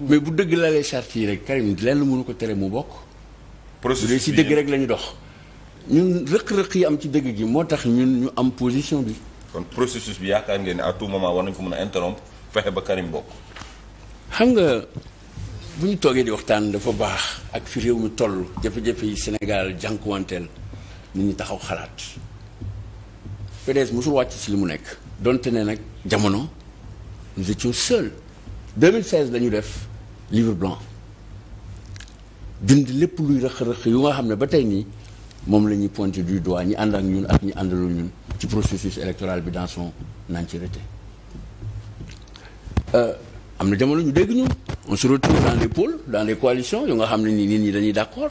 mais bu dëgg lalee charte yi rek Karim lenn mënu ko tere mu bokk. processus si dëgg rek la ñu dox. ñun rëq-rëq yi am ci dëgg gi moo tax ñun ñu am position bi. kon processus bi yaakaar ngeen ne à tout moment war nañ ko mën a interrompre fexe ba Karim bokk. xam nga bu ñu toogee di waxtaan dafa baax ak fi réew mi toll jafe-jafe yi Sénégal jànkuwanteel nit ñi taxaw xalaat PDS mosul wàcc si li mu nekk. donte ne nag jamono nous étions seuls. 2016 la ñu def livre blanc bind lépp luy rëq-rëq yu nga xam ne ba tey nii moom la ñuy pointé du doigt ñi ànd ak ñun ak ñi àndalul ñun ci processus électoral bi dans son entièreté euh, am na jamono ñu dégg ñu on se retrouve dans des pôles dans yu nga xam ne nii nit ñi dañuy d'accord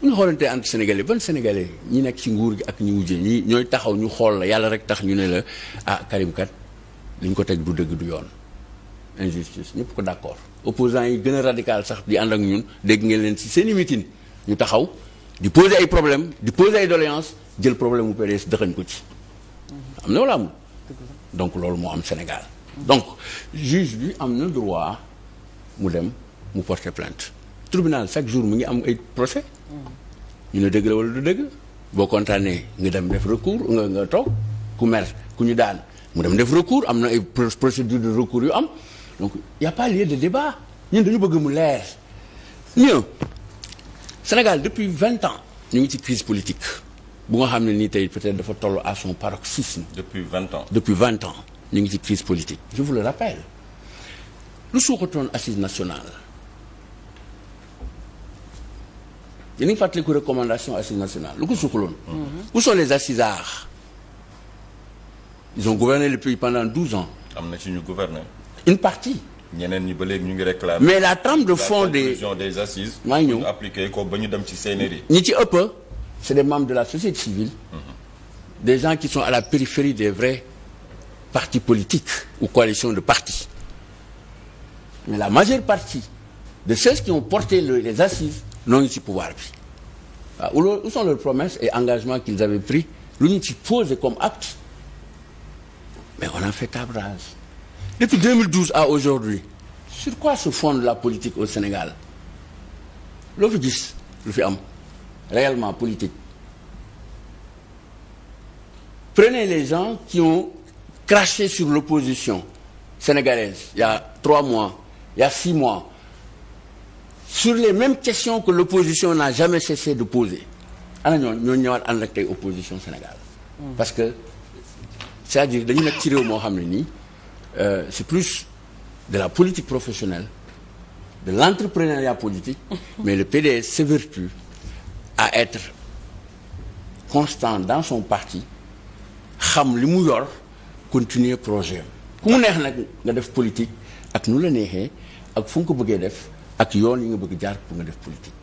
bu hmm. ñu xoolantee entre sénégalais ban sénégalais ñi nekk ci nguur gi ak ñi wujje ñi ñooy taxaw ñu xool la yàlla rek tax ñu ne la ah Karim kat ko teg du dëgg du yoon injustice ñëpp ko d'accord opposants yi gën a radical sax di ànd ak ñun dégg ngeen leen ci seeni meeting ñu taxaw di poser ay problème di poser ay doléances jël problème mu PDS dëxañ ko ci am na wala amul loolu moo am Sénégal donc juge bi am na droit mu dem mu porter plainte tribunal chaque jour mu ngi am ay procès ñu ne dëgg la wala du dëgg boo kontaanee nga dem def recours nga nga toog ku mer ku ñu daan mu dem def recours am na ay procédure de recours yu am donc y' a pas lieu de débat ñun dañu bëgg mu leer ñun Sénégal depuis vingt ans ñu ngi ci crise politique bu nga xam ne nii tey être dafa toll à son paroxysme. depuis vingt ans depuis vingt ans ñu ngi ci crise politique. je vous le rappelle lu suuxatoon assise nationale yéen a ngi fàttaliku recommandation assise nationale lu ko suuxaloon. Mm-hmm. où sont les assisards ils ont gouverné le pays pendant douze ans. am na ci ñu une partie. ñeneen ñi ba léegi ñu ngi réclamer. mais la trame de fond des des assises. maa ngi ñëw appliqué ko ba ñu dem ci CNRI. ñi ci ëpp c'est des membres de la société civile. Mm-hmm. des gens qui sont à la périphérie des vrais partis politiques ou coalitions de partis. mais la majeure partie de ceux qui ont porté les assises n'ont eu ci pouvoir bi waaw où sont leurs promesses et engagements qu'ils avaient pris lu ñu ci posé comme acte. mais on a fait table rase depuis 2012 à aujourd'hui sur quoi se fonde la politique au Sénégal loo fi lu fi am réellement politique prenez les gens qui ont craché sur l'opposition sénégalaise il y a trois mois il y a six mois sur les mêmes questions que l'opposition n'a jamais cessé de poser ana ñoo ñoo ñëwaat ànd ak tey opposition Sénégal hmm. parce que c'est-à-dire dañu nekk ci réew moo xam ne nii euh, c'est plus de la politique professionnelle de l'entrepreneuriat politique mais le PDS s'évertue à être constant dans son parti xam li mu yor continuer projet ku mu neex nag nga def politique ak nu la neexee ak fu nga ko bëggee def ak yoon yi nga bëgg jaar pour nga def politique